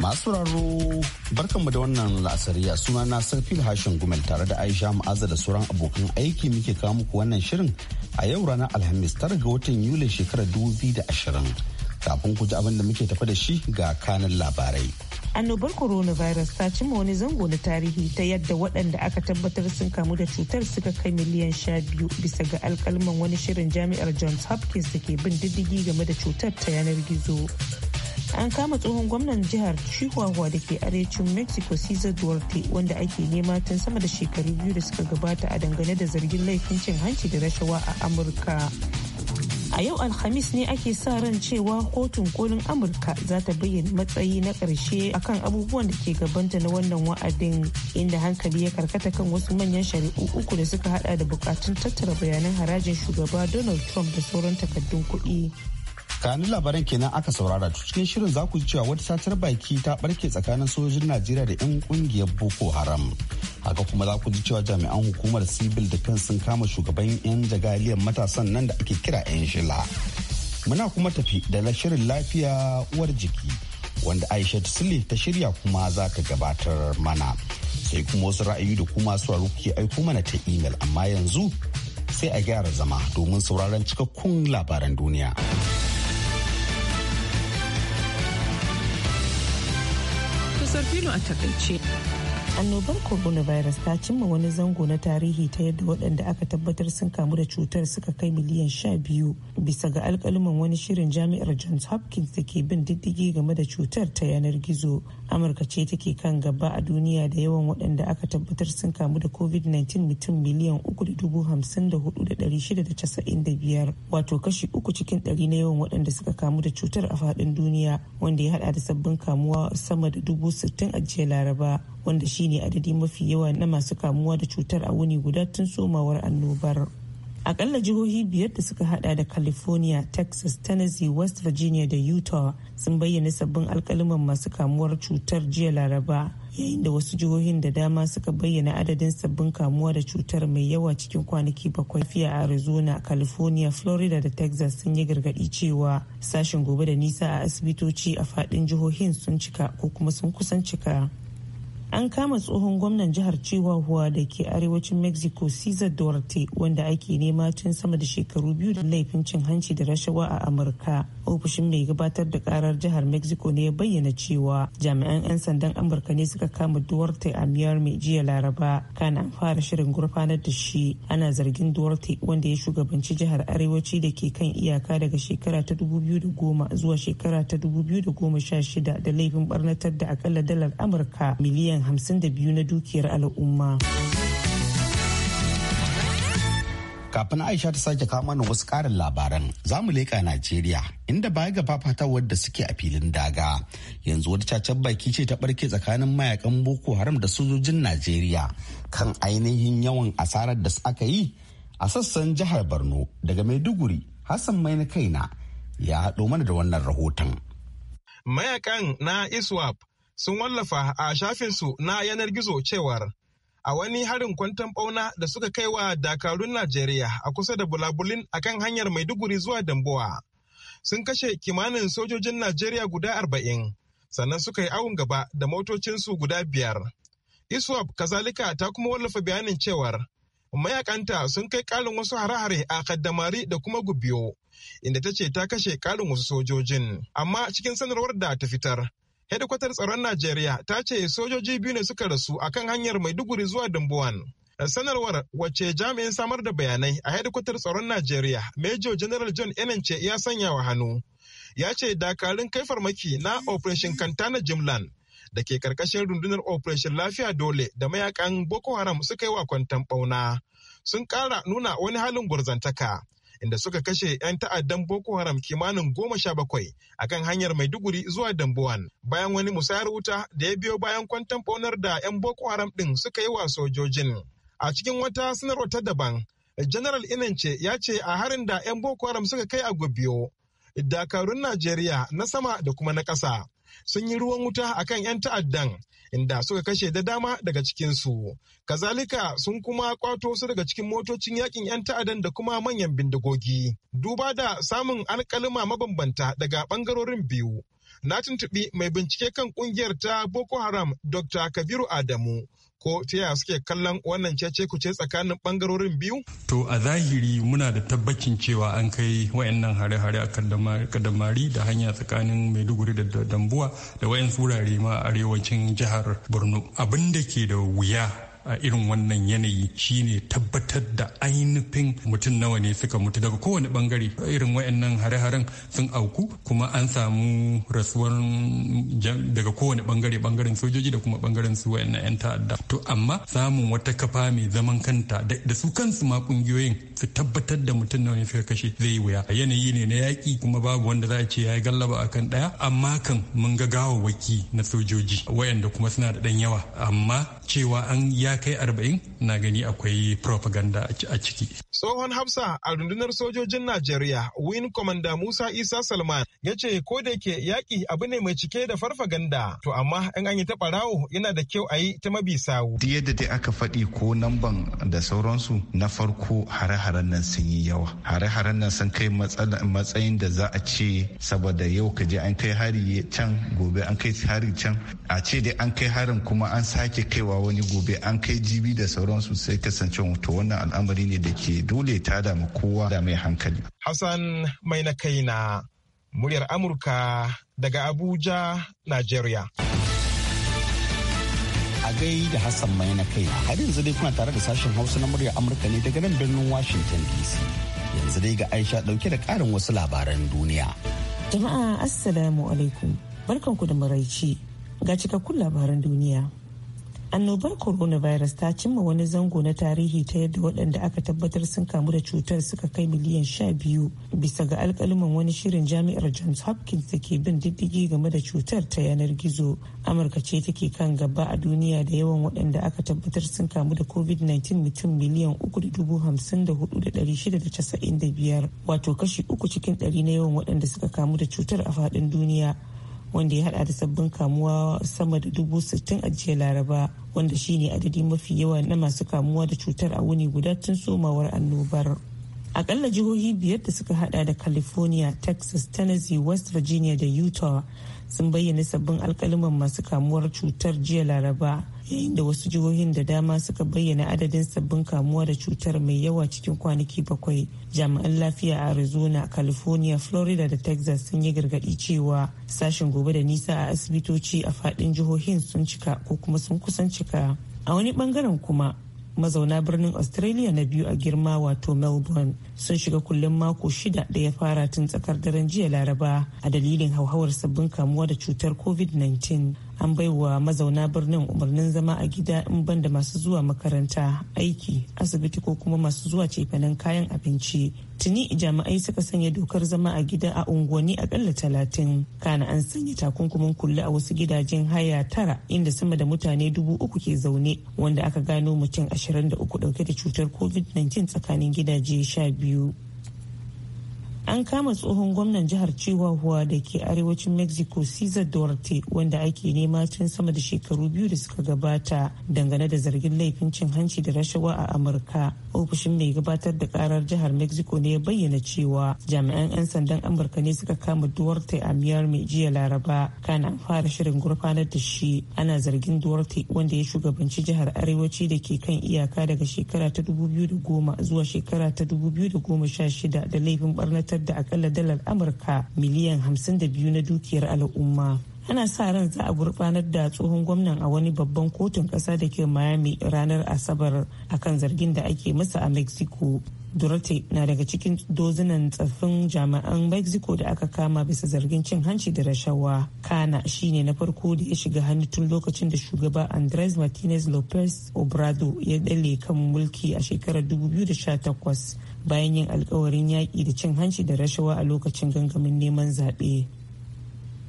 Masu raro barkanmu da wannan la'asariya suna na Sarfil Hashin Gumel tare da Aisha Ma'aza da sauran abokan aiki muke kawo muku wannan shirin a yau ranar Alhamis tara ga watan Yuli shekarar 2020. Kafin ku ji abin da muke tafa da shi ga kanan labarai. Annobar coronavirus ta cimma wani zango na tarihi ta yadda waɗanda aka tabbatar sun kamu da cutar suka kai miliyan sha biyu bisa ga alkalman wani shirin jami'ar Johns Hopkins da ke bin diddigi game da cutar ta yanar gizo. an kama tsohon gwamnan jihar chihuahua da ke arewacin mexico cesar duarte wanda ake nema tun sama da shekaru biyu da suka gabata a dangane da zargin laifin cin hanci da rashawa a amurka a yau alhamis ne ake sa ran cewa kotun kolin amurka za ta bayyana matsayi na karshe akan abubuwan da ke gabanta na wannan wa'adin inda hankali ya karkata kan wasu manyan shari'u uku da suka hada da bukatun tattara bayanan harajin shugaba donald trump da sauran takaddun kuɗi kanin labaran kenan aka saurara cikin shirin za ku ji cewa wata satar baki ta barke tsakanin sojojin najeriya da 'yan kungiyar boko haram haka kuma za ku ji cewa jami'an hukumar sibil da kan sun kama shugaban 'yan jagaliyar matasan nan da ake kira 'yan shila muna kuma tafi da shirin lafiya uwar jiki wanda aisha sule ta shirya kuma za ta gabatar mana sai kuma wasu ra'ayi da kuma su kuke aiko mana ta imel amma yanzu sai a gyara zama domin sauraron cikakkun labaran duniya. filo a takaice. annobar coronavirus ta cimma wani zango na tarihi ta yadda waɗanda aka tabbatar sun kamu da cutar suka kai miliyan sha biyu bisa ga alkaluman wani shirin jami'ar johns hopkins da ke bin diddigi game da cutar ta yanar gizo amurka ce take kan gaba a duniya da yawan waɗanda aka tabbatar sun kamu da covid-19 mutum miliyan 354,695 wato kashi uku cikin ɗari na yawan waɗanda suka kamu da cutar a faɗin duniya wanda ya haɗa da sabbin kamuwa sama da dubu a jiya laraba wanda shine adadi mafi yawa na masu kamuwa da cutar a wuni guda tun somawar annobar. akalla jihohi biyar da suka hada da california texas tennessee west virginia da utah sun bayyana sabbin alkaliman masu kamuwar cutar jiya laraba yayin da wasu jihohin da dama suka bayyana adadin sabbin kamuwa da cutar mai yawa cikin kwanaki bakwai fiye a arizona california florida da texas sun yi gargadi cewa sashen gobe da nisa a asibitoci a fadin jihohin sun cika ko kuma sun kusan cika an kama tsohon gwamnan jihar chihuahua da ke arewacin mexico cesar duarte wanda ake nema tun sama da shekaru biyu da laifin cin hanci da rashawa a amurka ofishin mai gabatar da karar jihar mexico ne ya bayyana cewa jami'an 'yan sandan amurka ne suka kama duarte a miyar mai jiya laraba kana an fara shirin gurfanar da shi ana zargin duarte wanda ya shugabanci jihar arewaci da ke kan iyaka daga shekara ta 2010 zuwa shekara ta 2016 da laifin barnatar da akalla dalar amurka miliyan miliyan 52 na dukiyar al'umma. kafin aisha ta sake kawo mana wasu karin labaran za mu leƙa najeriya inda baya ga fafatawar da suke a filin daga yanzu wata cacar baki ce ta barke tsakanin mayakan boko haram da sojojin najeriya kan ainihin yawan asarar da aka yi a sassan jihar borno daga maiduguri hassan mai na kaina ya haɗo mana da wannan rahoton mayakan na iswap sun wallafa a shafinsu na yanar gizo cewar a wani harin kwanton bauna da suka kai wa dakarun Najeriya a kusa da bulabulin a kan hanyar Maiduguri zuwa Damboa. Sun kashe kimanin sojojin Najeriya guda arba'in, sannan suka yi awon gaba da motocinsu guda biyar. ISWAP kazalika ta kuma wallafa bayanin cewar mayakanta sun kai ƙarin wasu hare-hare a kaddamari da kuma gubiyo, inda ta ce ta kashe ƙarin wasu sojojin. Amma cikin sanarwar da ta fitar, hedikwatar tsaron najeriya ta ce sojoji biyu ne suka rasu akan hanyar maiduguri zuwa dumbuwan sanarwar wacce jami'in samar da bayanai a hedikwatar tsaron najeriya major general john enance ya sanya wa hannu ya ce dakarun kai farmaki na operation kantana jimlan da ke karkashin rundunar operation lafiya dole da mayakan boko haram suka yi wa kwantan bauna sun ƙara nuna wani halin gurzantaka inda suka kashe 'yan ta'addan Boko Haram kimanin goma sha bakwai a kan hanyar Maiduguri zuwa Dambuwan bayan wani musayar wuta da ya biyo bayan kwantan faunar da 'yan Boko Haram ɗin suka yi wa sojojin. A cikin wata sanarwa ta daban, General Inance ya ce a harin da 'yan Boko Haram suka kai a Gobiyo, dakarun Najeriya na sama da kuma na ƙasa sun yi ruwan wuta akan 'yan ta'addan inda suka kashe da dama daga cikinsu. Kazalika sun kuma kwato su daga cikin motocin yakin 'yan ta'adan da kuma manyan bindigogi. Duba da samun alƙaluma mabambanta daga ɓangarorin biyu. Na tuntuɓi mai bincike kan ƙungiyar ta Boko Haram Dr. Kabiru Adamu. ko ta yaya suke kallon wannan cece kuce tsakanin bangarorin biyu? To a zahiri muna da tabbacin cewa an kai wayannan hare-hare a kaddamari da hanya tsakanin Maiduguri da Dambuwa da wayan wurare ma arewacin jihar Borno. Abin da ke da wuya a irin wannan yanayi shine tabbatar da ainihin mutum nawa ne suka mutu daga kowane bangare irin wayannan hare-haren sun auku kuma an samu rasuwar daga kowane bangare bangaren sojoji da kuma bangaren su wayannan 'yan ta'adda to amma samun wata kafa mai zaman kanta da su kansu ma kungiyoyin su tabbatar da mutum nawa ne suka kashe zai wuya yanayi ne na yaki kuma babu wanda za a ce ya yi gallaba a kan ɗaya. amma kan mun ga gawawwaki na sojoji wayanda kuma suna da ɗan yawa amma cewa an ya ya kai arba'in na gani akwai propaganda a ciki. Tsohon Hafsa a rundunar sojojin Najeriya, Win Commander Musa Isa Salman ya ce ko da ke yaƙi abu ne mai cike da farfaganda, to amma in an yi ta ɓarawo yana da kyau a yi ta mabi sawu. diya da dai aka faɗi ko namban da sauransu na farko hare-haren nan sun yi yawa. Hare-haren nan sun kai matsayin da za a ce saboda yau ka je an kai hari can gobe an kai hari can a ce dai an kai harin kuma an sake kaiwa wani gobe an KGB da sauransu sai kasance to wannan al'amari ne da ke dole ta damu kowa da mai hankali. Hassan mai na kai na muryar Amurka daga Abuja, Najeriya. gai da Hassan mai na kai har yanzu dai kuna tare da sashen Hausa na muryar Amurka ne daga nan birnin Washington DC. Yanzu dai ga Aisha dauke da karin wasu labaran duniya. Jama'a Assalamu alaikum. Barkanku da maraici. Ga cikakkun labaran duniya. annobar coronavirus ta cimma wani zango na tarihi ta yadda waɗanda aka tabbatar sun kamu da cutar suka kai miliyan sha biyu bisa ga alkaliman wani shirin jami'ar johns hopkins da ke bin diddigi game da cutar ta yanar gizo amurka ce take kan gaba a duniya da yawan waɗanda aka tabbatar sun kamu da covid-19 mutum miliyan uku da da biyar wato kashi uku cikin ɗari na yawan waɗanda suka kamu da cutar a faɗin duniya wanda ya hada da sabbin kamuwa sama da dubu sittin a jiya laraba wanda shine adadi mafi yawa na masu kamuwa da cutar a wuni guda tun somawar annobar akalla jihohi biyar da suka hada da california texas tennessee west virginia da utah sun bayyana sabbin alkaliman masu kamuwar cutar jiya laraba yayin da wasu jihohin da dama suka bayyana adadin sabbin kamuwa da cutar mai yawa cikin kwanaki bakwai jami'an lafiya a arizona california florida da texas sun yi gargaɗi cewa sashen gobe da nisa a asibitoci a fadin jihohin sun cika ko kuma sun kusan cika a wani bangaren kuma mazauna birnin australia na biyu a girma wato melbourne sun shiga kullum mako shida da ya fara tun tsakar daren jiya laraba a dalilin hauhawar sabbin kamuwa da cutar covid-19 an baiwa mazauna birnin umarnin zama a gida in banda masu zuwa makaranta aiki asibiti ko kuma masu zuwa cefanen kayan abinci tuni jami'ai suka sanya dokar zama a gida a unguwanni akalla talatin kana an sanya takunkumin kulle a wasu gidajen haya tara inda sama da mutane dubu uku ke zaune wanda aka gano mutum ashirin da uku dauke da cutar covid-19 tsakanin gidaje sha biyu an kama tsohon gwamnan jihar chihuahua da ke arewacin mexico cesar duarte wanda ake nema tun sama da shekaru biyu da suka gabata dangane da zargin laifin cin hanci da rashawa a amurka ofishin mai gabatar da karar jihar mexico ne ya bayyana cewa jami'an 'yan sandan amurka ne suka kama duarte a miyar mai jiya laraba an fara shirin gurfanar da shi ana zargin duarte wanda ya shugabanci jihar arewaci da ke kan iyaka daga shekara ta 2010 zuwa shekara ta 2016 da laifin barnatar salwantar da akalla dalar amurka miliyan 52 na dukiyar al'umma ana sa ran za a gurbanar da tsohon gwamnan a wani babban kotun ƙasa da ke miami ranar asabar a kan zargin da ake masa a mexico durate na daga cikin dozinan tsaffin jami'an Mexico da aka kama bisa zargin cin hanci da rashawa. Kana shine na farko da ya shiga hannu tun lokacin da shugaba Andres Martinez Lopez Obrado ya dale kan mulki a shekarar 2018. bayan yin alkawarin yaƙi da cin hanci da rashawa a lokacin gangamin neman zaɓe.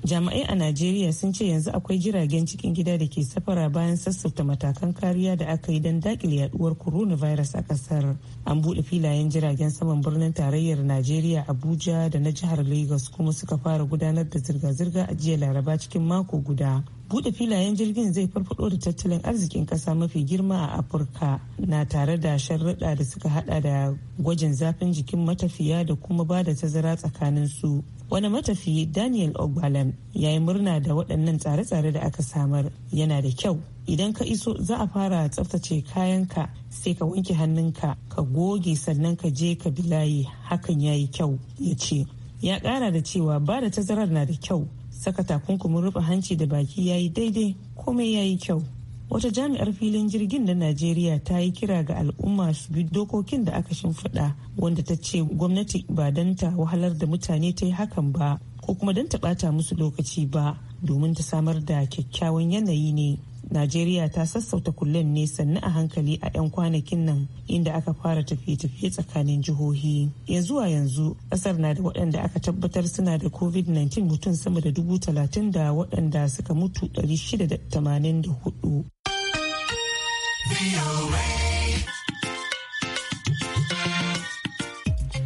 jami'ai a najeriya sun ce yanzu akwai jiragen cikin gida da ke safara bayan sassauta matakan kariya da aka yi don dakile yaduwar coronavirus a kasar an buɗe filayen jiragen saman birnin tarayyar najeriya abuja da na jihar lagos kuma suka fara gudanar da zirga-zirga a jiya laraba cikin mako guda bude filayen jirgin zai farfado da tattalin arzikin kasa mafi girma a afirka na tare da sharruɗa da suka hada da gwajin zafin jikin matafiya da kuma ba da tazara tsakanin su wani matafiyi daniel ogbalan ya yi murna da waɗannan tsare-tsare da aka samar yana da kyau idan ka iso za a fara tsaftace kayan ka sai ka wanke hannunka ka goge sannan ka je ka bi hakan ya yi kyau ya ce ya ƙara da cewa ba da tazarar na da kyau saka takunkumin rufe hanci da baki ya yi daidai komai ya yi kyau wata jami'ar filin jirgin na najeriya ta yi kira ga al'umma su bi dokokin da aka shimfiɗa wanda ta ce gwamnati ba don ta wahalar da mutane ta yi hakan ba ko kuma don ta ɓata musu lokaci ba domin ta samar da kyakkyawan yanayi ne Najeriya ta sassauta kullum ne sannu a hankali a 'yan kwanakin nan inda aka fara tafiye-tafiye tsakanin jihohi. Ya zuwa yanzu kasar na da waɗanda aka tabbatar suna da COVID-19 mutum sama da dubu talatin da waɗanda suka mutu 684.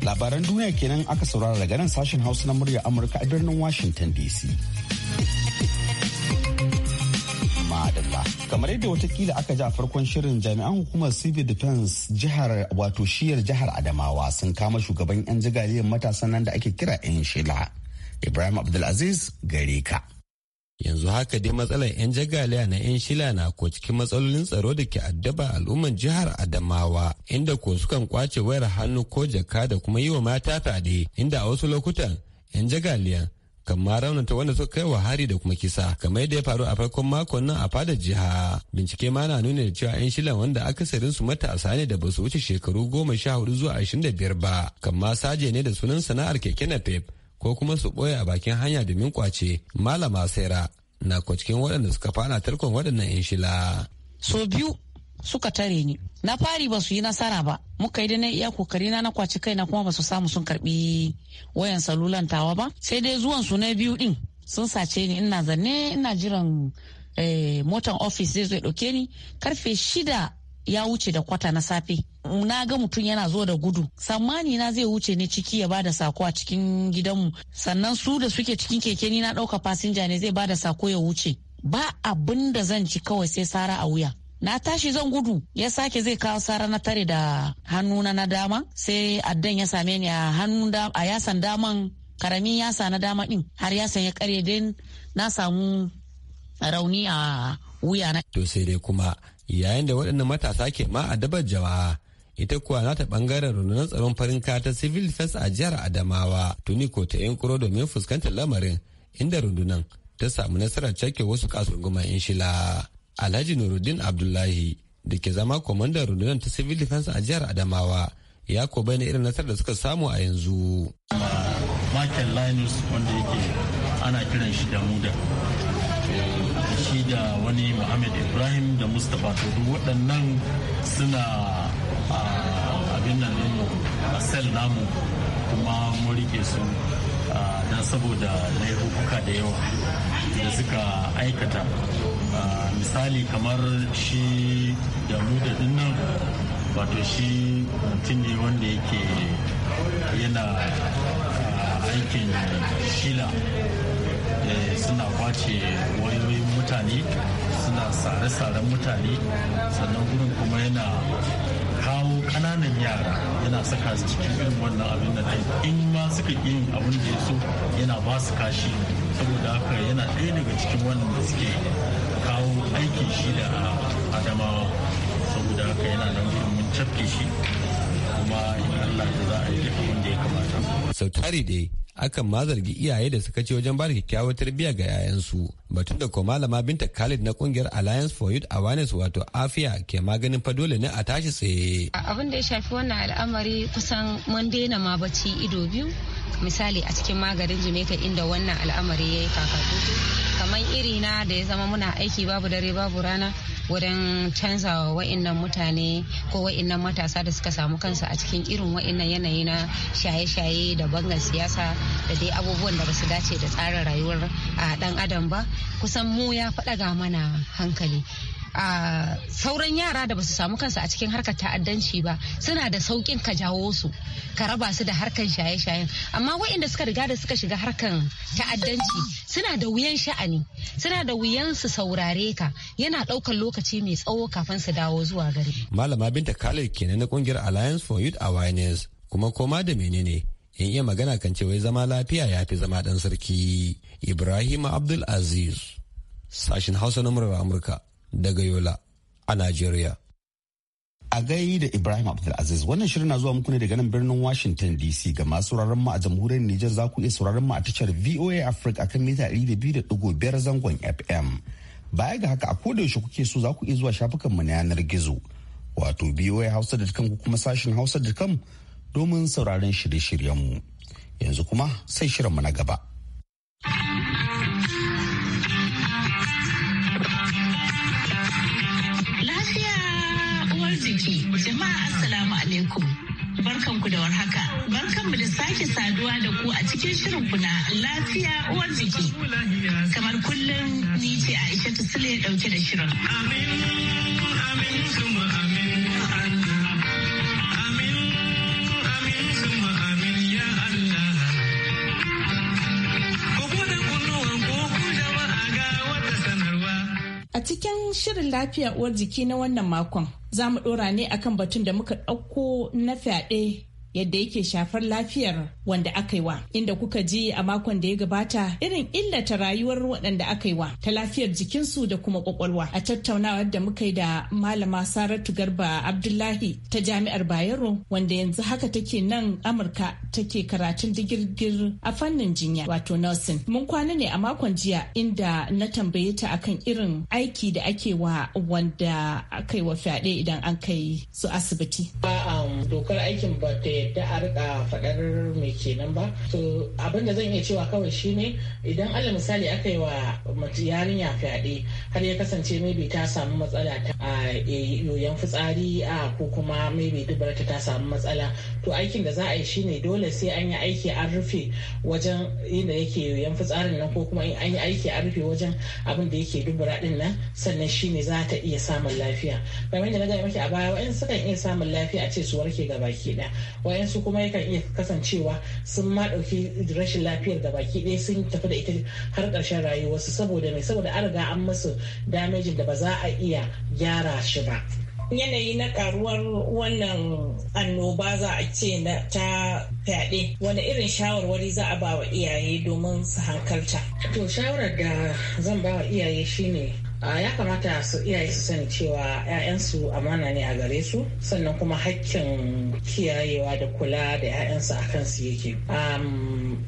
Labaran duniya kenan aka saurara daga nan sashen Hausa na murya Amurka a birnin Washington DC. kamar yadda watakila aka ji a farkon shirin jami'an hukumar civil defense jihar wato shiyar jihar adamawa sun kama shugaban 'yan jigaliyar matasan nan da ake kira 'yan shila ibrahim abdulaziz gare ka yanzu haka dai matsalar 'yan jagaliya na 'yan shila na ko cikin matsalolin tsaro da ke addaba al'ummar jihar adamawa inda ko sukan kwace wayar hannu ko jaka da kuma yi wa mata fade inda a wasu lokutan 'yan jagaliyan kamma ma raunata wanda suka kai wa hari da kuma kisa kamar yadda ya faru a farkon makon nan a fadar jiha bincike ma na nuna da cewa yan shilan wanda akasarin su matasa ne da ba su wuce shekaru goma sha hudu zuwa ashirin da biyar ba kamma saje ne da sunan sana'ar keke na napep ko kuma su boye a bakin hanya domin kwace malama saira na cikin waɗanda suka fana tarkon waɗannan yan shila. sau biyu suka tare ni na fari ba su yi nasara ba muka yi na iya kokari na na kwaci na kuma ba su samu sun karbi wayan salulan tawa ba sai dai zuwan su na biyu din sun sace ni ina zanne ina jiran eh, motan ofis zai zo dauke ni karfe shida ya wuce da kwata na safe na ga mutum yana zo da gudu sammani na zai wuce ne ciki ya bada sako a cikin gidanmu sannan su da suke cikin keke ni na dauka fasinja ne zai bada sako ya wuce ba abin da zan ci kawai sai sara a wuya na tashi zan gudu ya sake zai kawo sara na tare da hannuna na dama sai addan ya same ni a hannun a yasan daman karamin yasa na dama din har yasan ya kare din na samu rauni a wuya na to sai dai kuma yayin da waɗannan matasa ke ma a dabar jama'a ita kuwa ta bangaren rundunar tsaron farin ta civil defense a jihar adamawa tuni ko ta yankuro domin fuskantar lamarin inda rundunar ta samu nasarar cakke wasu kasurguman inshila alhaji nuruddin abdullahi da ke zama kwamandan rundunar ta civil defense a jihar adamawa ya ko bayyana irin nasarar da suka samu a yanzu michael linus wanda yake ana kiran shi da muda shi da wani muhammad ibrahim da mustapha to waɗannan suna abin nan a sel namu kuma mun rike su don saboda na hukuka da yawa da suka aikata ah, misali kamar shi da mu da dinnan wato shi mutum ne wanda yake yana ah, aikin shila eh, suna kwace wayoyin mutane suna sare-saren mutane sannan gurin kuma yana kawo kananan yara yana saka su cikin irin wannan abin da ta in ma suka ƙi yin abin da ya so yana ba su kashi saboda haka yana ɗaya daga cikin wannan da suke kawo aikin shi da adamawa saboda haka yana nan mun cafke shi kuma in Allah da za a yi abin da ya kamata. Sautari dai akan ma zargi iyaye da suka ce wajen ba da kyakkyawar tarbiyya ga yayansu batun da ko malama binta khalid na kungiyar alliance for youth awareness wato afiya ke maganin fa dole ne a tashi tsaye abin da ya shafi wannan al'amari kusan mun daina ma bacci ido biyu misali a cikin maganin jamaica inda wannan al'amari ya yi kakakutu kamar iri na da ya zama muna aiki babu dare babu rana wurin canza wa'innan mutane ko wa'innan matasa da suka samu kansu a cikin irin wa'innan yanayi na shaye-shaye da bangar siyasa da dai abubuwan da ba su dace da tsarin rayuwar a dan adam ba kusan mu ya faɗa ga mana hankali a sauran yara da basu samu kansu a cikin harkar ta'addanci ba suna da saukin ka jawo su ka raba su da harkar shaye-shayen amma waɗanda suka riga da suka shiga harkar ta'addanci suna da wuyan sha'ani suna da wuyan su saurare ka yana ɗaukar lokaci mai tsawo kafin su dawo zuwa gari malama binta khalid kenan na kungiyar alliance for youth awareness kuma koma da menene in iya magana kan ce wai zama lafiya ya fi zama dan sarki ibrahim abdul aziz sashin hausa na murar amurka daga Yola a Najeriya. A gai da Ibrahim Abdulaziz wannan shirin na zuwa muku ne daga nan birnin Washington DC ga masu sauraron mu a jamhuriyar Nijar za ku iya sauraron mu a tashar VOA Africa akan mita 200.5 zangon FM. Baya ga haka a koda yaushe kuke so za ku iya zuwa shafukan mu na yanar gizo wato hausa da ko kuma sashin hausa da hausa.com domin sauraron shirye-shiryen mu. Yanzu kuma sai shirin mu na gaba. Assalamu alaikum. Barkanku da warhaka. Barkanmu da sake saduwa da ku a cikin shirin kuna lafiya uwar jiki. Kamar kullum ni ce Aisha Sule ya dauke da shirin. Amin, cikin shirin lafiya uwar jiki na wannan makon za mu ɗora ne akan batun da muka ɗauko na fyaɗe yadda yake shafar lafiyar wanda aka yi wa inda kuka ji a makon da ya gabata irin illata rayuwar waɗanda aka yi wa ta lafiyar jikinsu da kuma kwakwalwa a tattaunawar da muka yi da malama saratu garba abdullahi ta jami'ar bayero wanda yanzu haka take nan amurka take karatun digirgir a fannin jinya wato nursing mun kwana ne a makon jiya inda na tambaye ta akan irin aiki da ake wa wanda aka yi wa fyaɗe idan an kai su asibiti. Um, dokar aikin ba ta yadda a rika faɗar mai kenan ba to abin da zan iya cewa kawai shine idan allah misali aka yi wa yarinya fyaɗe har ya kasance maybe ta samu matsala ta e, yoyon fitsari a ko kuma maybe dubarta ta samu matsala to aikin da za a yi shine dole sai an yi aiki an rufe wajen inda yake yoyon fitsarin nan ko kuma an yi aiki an rufe wajen abin da yake dubura din nan sannan shine za ta iya samun lafiya kamar yadda na gaya maki a baya wa'in sukan iya samun lafiya a ce su warke gaba ki ɗaya wayansu kuma yakan iya kasancewa sun ma ɗauki rashin lafiyar da baki ɗaya sun tafi da ita har ƙarshen rayuwarsu saboda mai saboda an riga an masu damejin da ba za a iya gyara shi ba. yanayi na karuwar wannan annoba za a ce ta fyaɗe wani irin shawarwari za a ba wa iyaye domin su hankalta to shawarar da zan ba wa iyaye shine ya kamata su iyaye su sani cewa 'ya'yansu amana ne a gare su sannan kuma hakkin kiyayewa da kula da 'ya'yansu a kansu yake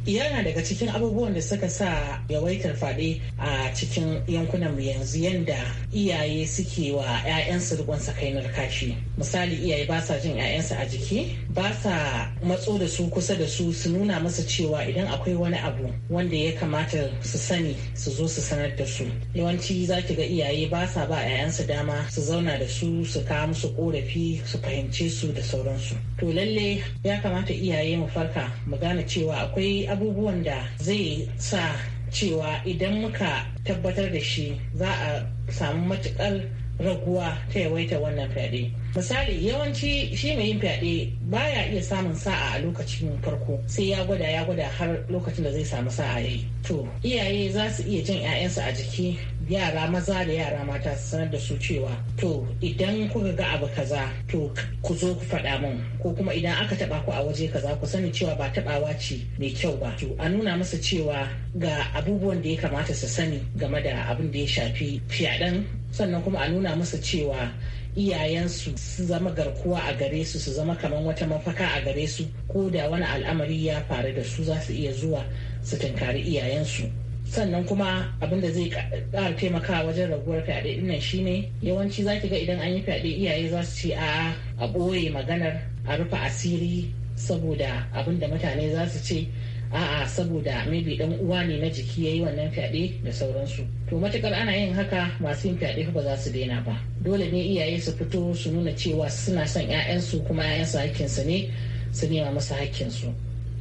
yana daga cikin abubuwan da suka sa yawaitar fyaɗe a cikin yankunan mu yanzu yanda iyaye suke wa 'ya'yansu rikon sakainar kashi misali iyaye ba sa jin 'ya'yansu a jiki ba sa matso da su kusa da su su nuna masa cewa idan akwai wani abu wanda ya kamata su sani su zo su sanar da su yawanci za ki ga iyaye ba sa ba a 'ya'yansu dama su zauna da su su kawo musu korafi su fahimce su da sauransu to lalle ya kamata iyaye mu farka mu gane cewa akwai abubuwan da zai sa cewa idan muka tabbatar da shi za a samu matukar raguwa ta yawaita wannan fyaɗe. misali yawanci shi mai yin fyaɗe baya iya samun sa'a a lokacin farko sai ya gwada ya gwada har lokacin da zai samu sa'a yayi to iyaye za su iya jin 'ya'yansu a jiki yara maza da yara mata su sanar da su cewa to idan kuka ga abu kaza to ku zo ku faɗa min ko kuma idan aka taɓa ku a waje kaza ku sani cewa ba taɓawa ce mai kyau ba to a nuna masa cewa ga abubuwan da ya kamata su sani game da abin da ya shafi fyaɗen sannan kuma a nuna masa cewa iyayensu su zama garkuwa a gare su su zama kamar wata mafaka a gare su ko da wani al'amari ya faru da su za su iya zuwa su tunkari iyayensu sannan kuma abin da zai ƙara taimakawa wajen raguwar fyaɗe ɗin nan shine yawanci za ki ga idan an yi fyaɗe iyaye za su ce a ɓoye maganar a rufe asiri saboda abin da mutane za su ce a'a saboda maybe dan uwa ne na jiki yayi wannan fyaɗe da sauransu to matukar ana yin haka masu yin fyaɗe ba za su daina ba dole ne iyaye su fito su nuna cewa suna son 'ya'yansu kuma 'ya'yansu hakkinsu ne su nema masa hakkinsu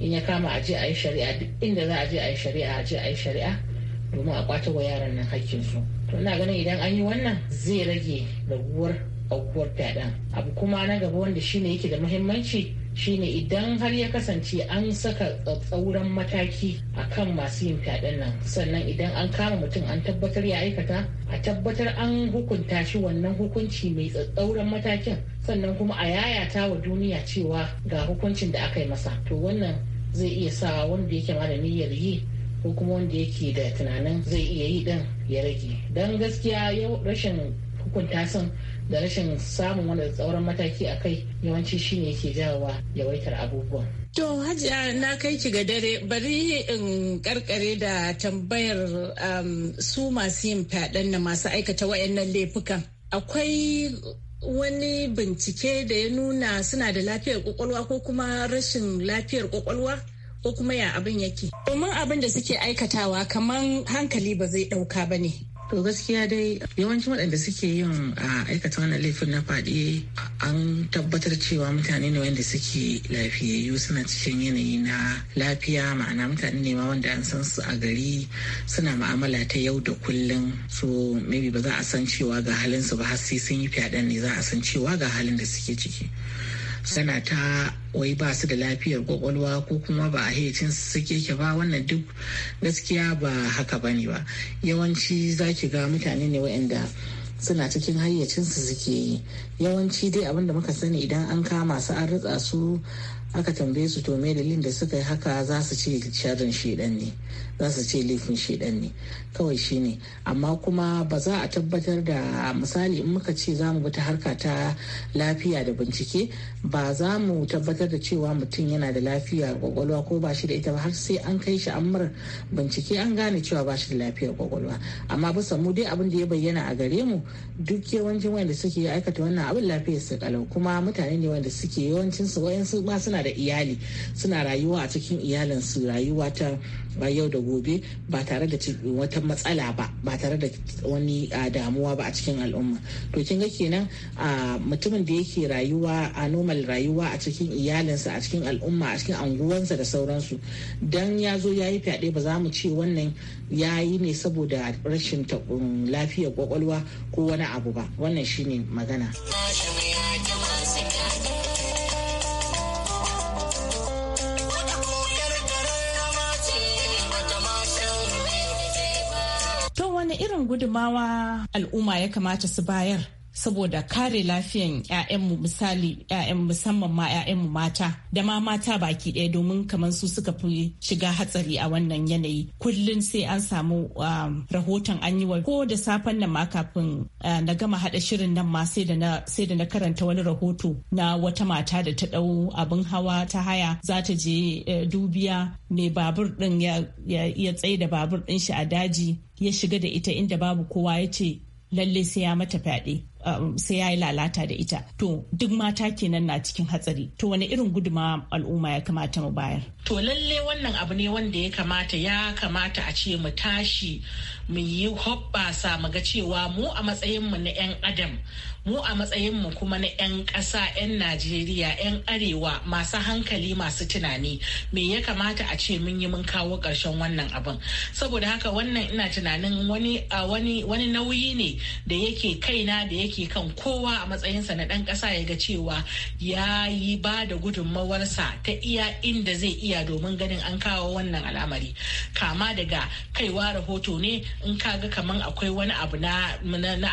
in ya kama a je a yi shari'a duk inda za a je a yi shari'a a je a yi shari'a domin a kwato wa yaran nan hakkinsu to ina ganin idan an yi wannan zai rage raguwar aukuwar fyaɗen abu kuma na gaba wanda shine yake da muhimmanci shine idan har ya kasance an saka tsatsauran mataki a kan masu yin fyaɗen nan sannan idan an kama mutum an tabbatar ya aikata a tabbatar an hukunta shi wannan hukunci mai tsauran matakin sannan kuma a yayata wa duniya cewa ga hukuncin da aka yi masa to wannan zai iya sa wanda yake da niyyar yi ko kuma wanda yake da tunanin zai iya yi dan ya rage don gaskiya yau rashin hukunta sun da rashin samun wani tsauran mataki a kai yawanci shine yake jawowa yawaitar abubuwan. To Hajiya na kai ki ga dare bari in karkare da tambayar um, su masu yin fyaɗen na masu aikata wayannan laifukan. Akwai wani bincike da ya nuna suna da lafiyar kwakwalwa ko kuma rashin lafiyar kwakwalwa? ko kuma ya abin yake. Domin abin da suke aikatawa kamar hankali ba zai ɗauka ba ne. To gaskiya dai yawancin waɗanda suke yin a aikata wannan laifin na faɗi an tabbatar cewa mutane ne wanda suke lafiyayyu suna cikin yanayi na lafiya ma'ana mutane ne ma wanda an san su a gari suna ma'amala ta yau da kullum so maybe ba za a san cewa ga halin su ba har sai sun yi fyaɗen ne za a san cewa ga halin da suke ciki. sana ta wai ba su da lafiyar kwakwalwa ko kuma ba a hecin suke ke ba wannan duk gaskiya ba haka bane ba yawanci za ki ga mutane ne waɗanda suna cikin hayyacinsu suke yi yawanci dai abinda muka sani idan an kama su an ritsa su aka tambaye su to me dalilin da suka yi haka za su ce sharrin shedan ne za su ce laifin shedan ne kawai shine amma kuma ba za a tabbatar da misali in muka ce za mu bi ta harka ta lafiya da bincike ba za mu tabbatar da cewa mutum yana da lafiya kwakwalwa ko ba shi da ita ba har sai an kai shi an bincike an gane cewa ba shi da lafiyar kwakwalwa amma bisa mu dai abin da ya bayyana a gare mu duk yawancin wanda suke aikata wannan abin lafiyar su kalau kuma mutane ne wanda suke yawancin su wayansu ba suna suna da iyali suna rayuwa a cikin iyalinsu rayuwa ta yau da gobe ba tare da wata matsala ba ba tare da wani damuwa ba a cikin al'umma to kin ga kenan mutumin da yake rayuwa a normal rayuwa a cikin iyalinsa a cikin al'umma a cikin anguwansa da sauransu dan ya zo ya yi fyaɗe ba za mu ce wannan ya yi ne saboda rashin um, lafiyar kwakwalwa ko wani abu ba wannan shine magana. irin gudumawa al'umma ya kamata su bayar saboda kare lafiyan 'ya'yanmu misali 'ya'yan musamman ma 'ya'yanmu mata da ma mata baki ɗaya domin kamar su suka fi shiga hatsari a wannan yanayi kullum sai an samu um, rahoton an yi wa ko da safen nan ma kafin uh, na gama haɗa shirin nan ma sai da na karanta wani rahoto na wata mata da ta ɗau abin hawa ta haya za ta je uh, dubiya mai babur ɗin ya tsaye da babur ɗin shi a daji ya shiga da ita inda babu kowa ya ce lalle sai ya mata fyaɗe Um, sai ya yi lalata da ita to duk mata kenan na cikin hatsari to wani irin guduma al'umma ya kamata mu bayar to lalle wannan abu ne wanda ya kamata ya kamata a ce mu tashi mu yi hoɓɓasa mu ga cewa mu a mu na 'yan adam mu a matsayinmu kuma na 'yan ƙasa 'yan najeriya 'yan arewa masu hankali masu tunani me ya kamata a ce mun yi mun kawo ƙarshen wannan abin saboda haka wannan ina tunanin wani wani nauyi ne da yake kaina da yake kan kowa a matsayinsa na ɗan ƙasa ya ga cewa ya yi ba da gudunmawarsa ta iya inda zai iya domin ganin an kawo wannan al'amari kama daga kaiwa rahoto ne in kaga ga kaman akwai wani abu na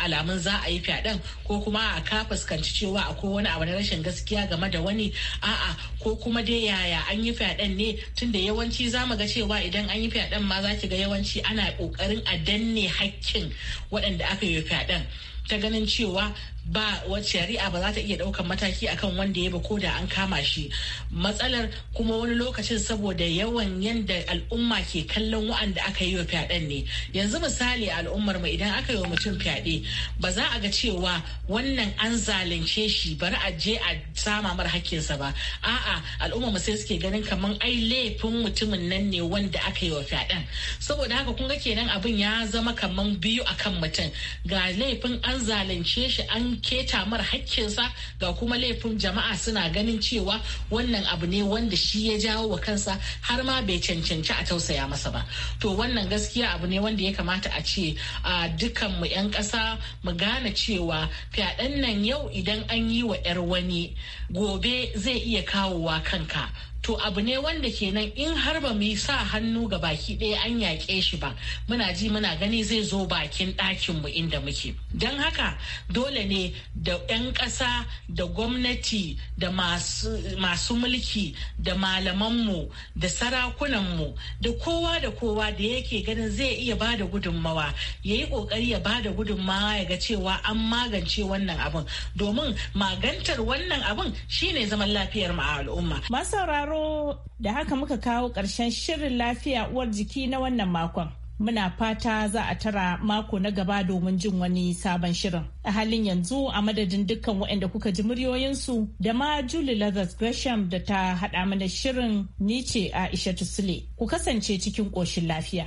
alamun za a yi fyaɗen ko kuma a ka fuskanci cewa akwai wani abu na rashin gaskiya game da wani a'a ko kuma dai yaya an yi fyaɗen ne tunda yawanci za mu ga cewa idan an yi fyaɗen ma za ki ga yawanci ana ƙoƙarin a danne hakkin waɗanda aka yi fyaɗen ta ganin cewa ba wacce shari'a ba za ta iya ɗaukan mataki akan wanda ya ba ko da an kama shi matsalar kuma wani lokacin saboda yawan yanda al'umma ke kallon wa'anda aka yi wa fyaɗen ne yanzu misali al'ummar mu idan aka yi wa mutum fyaɗe ba za a ga cewa wannan an zalunce shi bari a je a sama mar hakkinsa ba a'a al'ummar mu sai suke ganin kaman ai laifin mutumin nan ne wanda aka yi wa fyaɗen saboda haka kun ga kenan abin ya zama kaman biyu akan mutum ga laifin an zalunce shi an keta mar hakkinsa ga kuma laifin jama'a suna ganin cewa wannan abu ne wanda shi ya jawo wa kansa har ma bai cancanci a tausaya masa ba to wannan gaskiya abu ne wanda ya kamata a ce a dukan mu 'yan ƙasa mu gane cewa fyaɗen nan yau idan an yi wa 'yar wani gobe zai iya kawowa kanka to abu ne wanda kenan in har ba mu yi sa hannu ga baki ɗaya an yaƙe shi ba muna ji muna gani zai zo bakin ɗakin mu inda muke don haka dole ne da 'yan ƙasa da gwamnati da masu mulki da malamanmu da sarakunanmu da kowa da kowa da yake ganin zai iya ba da gudunmawa ya yi ƙoƙari ya ba da gudunmawa ya ga cewa an magance wannan abin domin magantar wannan abin shine zaman lafiyar mu a al'umma. Masauraro da haka muka kawo ƙarshen shirin lafiya uwar jiki na wannan makon. Muna fata za a tara mako na gaba domin jin wani sabon shirin. A halin yanzu a madadin dukkan waɗanda kuka ji muryoyinsu da ma Julie Lazarus Gresham da ta haɗa mana shirin ni ce Aisha Sule. Ku kasance cikin ƙoshin lafiya.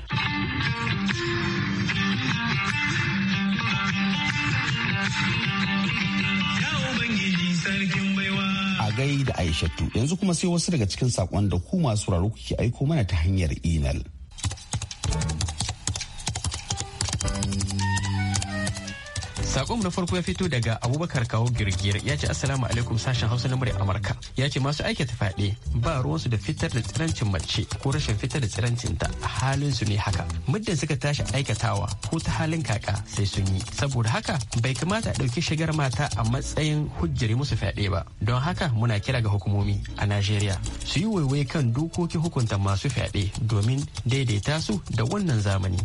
gai da aishatu yanzu kuma sai wasu daga cikin saƙon da ku masu raro kuke aiko mana ta hanyar imel. Sakon na farko ya fito daga Abubakar Kawo girgiyar ya ce Assalamu alaikum sashen Hausa na murya Amurka. Ya ce masu aikata fyaɗe ba ruwansu da fitar da tsirancin mace ko rashin fitar da tsirancin ta halin su ne haka. Muddin suka tashi aikatawa ko ta halin kaka sai sun yi. Saboda haka bai kamata a ɗauki shigar mata a matsayin hujjare musu fyaɗe ba. Don haka muna kira ga hukumomi a Najeriya su yi waiwai kan dokokin hukunta masu fyaɗe domin daidaita su da wannan zamani.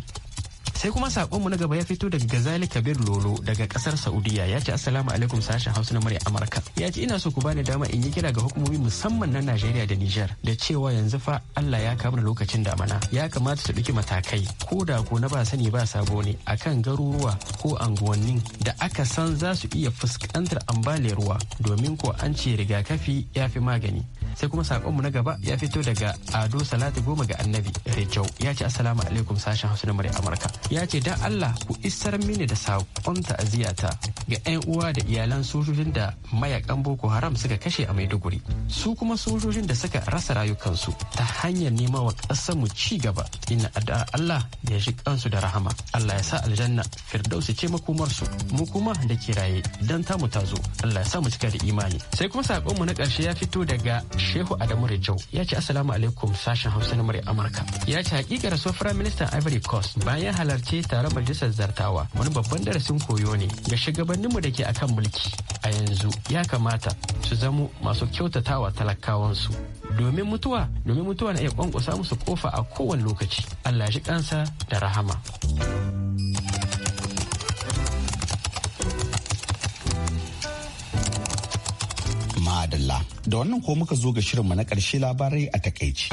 sai kuma sakonmu na gaba ya fito daga gazali kabir lolo daga kasar saudiya ya ce assalamu alaikum sashen hausa na murya amurka ya ce ina so ku bani dama in yi kira ga hukumomi musamman na najeriya da niger da cewa yanzu fa allah ya kama lokacin damana ya kamata su ɗauki matakai ko da ko na ba sani ba sabo ne akan garuruwa ko anguwannin da aka san za su iya fuskantar ambaliyar ruwa domin ko an ce rigakafi ya fi magani sai kuma sakonmu na gaba ya fito daga ado salati goma ga annabi rejau ya ce assalamu alaikum sashen hausa na murya amurka ya ce dan allah ku isar mini da sakon ta'aziyata ga yan uwa da iyalan sojojin da mayakan boko haram suka kashe a maiduguri su kuma sojojin da suka rasa rayukansu ta hanyar nema wa ƙasar mu ci gaba ina addu'ar allah ya shi kansu da rahama allah ya sa aljanna firdaus ce makomarsu mu kuma da ke raye dan tamu ta zo allah ya sa mu cika da imani sai kuma sakonmu na ƙarshe ya fito daga Shehu Adamu Rejau ya ce Assalamu alaikum sashen Hausa na murya Amurka. Ya ce hakika rasuwar Firaministan Ministan Ivory Coast bayan halarci tare majalisar zartawa wani babban darasin koyo ne ga shugabanninmu da ke akan mulki a yanzu ya kamata su zamo masu kyautatawa talakawansu. Domin mutuwa, domin mutuwa na iya kwankwasa musu kofa a kowane lokaci. Allah shi kansa da rahama. Da wannan ko muka zo ga shirinmu na ƙarshe labarai a takaici.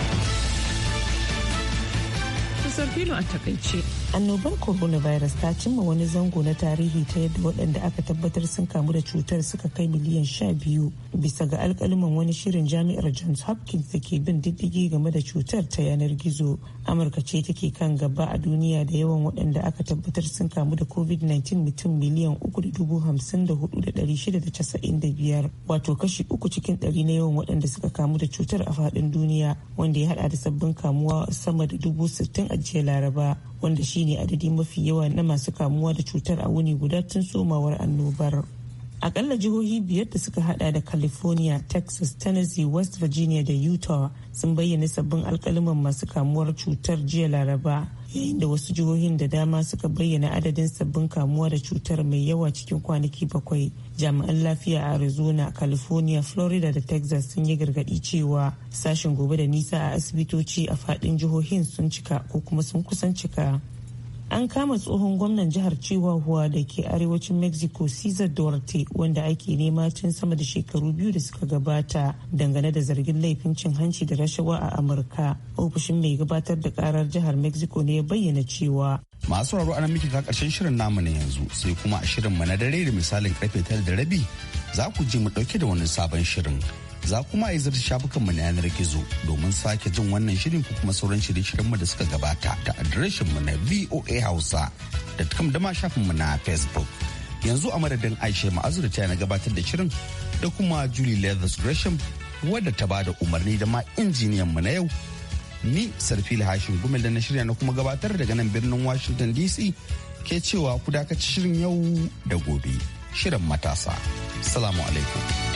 Profesor Filo a takaice. Annoban coronavirus ta cimma wani zango na tarihi ta yadda waɗanda aka tabbatar sun kamu da cutar suka kai miliyan sha biyu bisa ga alkaliman wani shirin jami'ar Johns Hopkins da ke bin diddigi game da cutar ta yanar gizo. Amurka ce take kan gaba a duniya da yawan waɗanda aka tabbatar sun kamu da COVID-19 mutum miliyan uku da dubu hamsin da hudu da ɗari shida da casa'in da biyar wato kashi uku cikin ɗari na yawan waɗanda suka kamu da cutar a faɗin duniya wanda ya haɗa da sabbin kamuwa sama da dubu sittin a ce laraba wanda shine adadi mafi yawa na masu kamuwa da cutar a wuni guda tun somawar annobar. akalla jihohi biyar da suka hada da california texas tennessee west virginia da utah sun bayyana sabbin alkaliman masu kamuwar cutar jiya laraba yayin da wasu jihohin da dama suka bayyana adadin sabbin kamuwa da cutar mai yawa cikin kwanaki bakwai jami'an lafiya a arizona california florida da texas sun yi gargadi cewa sashen gobe da nisa a asibitoci a fadin jihohin sun cika ko kuma sun kusan cika an kama tsohon gwamnan jihar chihuahua da ke arewacin mexico cesar duarte wanda ake nema tun sama da shekaru biyu da suka gabata dangane da zargin laifin cin hanci da rashawa a amurka ofishin mai gabatar da karar jihar mexico ne ya bayyana cewa masu raro ana miki ka karshen shirin namu na yanzu sai kuma a shirin mu na dare da misalin karfe tal da rabi za ku ji mu dauke da wani sabon shirin za kuma a yi shafukanmu na yanar gizo domin sake jin wannan shirin ku kuma sauran shirye mu da suka gabata ta adireshinmu na voa hausa da kam da ma shafinmu na facebook yanzu a madadin aisha ma'azu da ta na gabatar da shirin da kuma julie leathers gresham wadda ta bada umarni da ma injiniyan mu na yau ni sarfil hashin gumel da na shirya na kuma gabatar daga nan birnin washington dc ke cewa ku dakaci shirin yau da gobe shirin matasa salamu alaikum